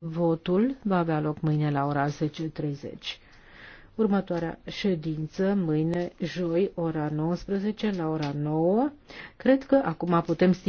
Votul va avea loc mâine la ora 10.30. Următoarea ședință, mâine, joi, ora 19, la ora 9. Cred că acum putem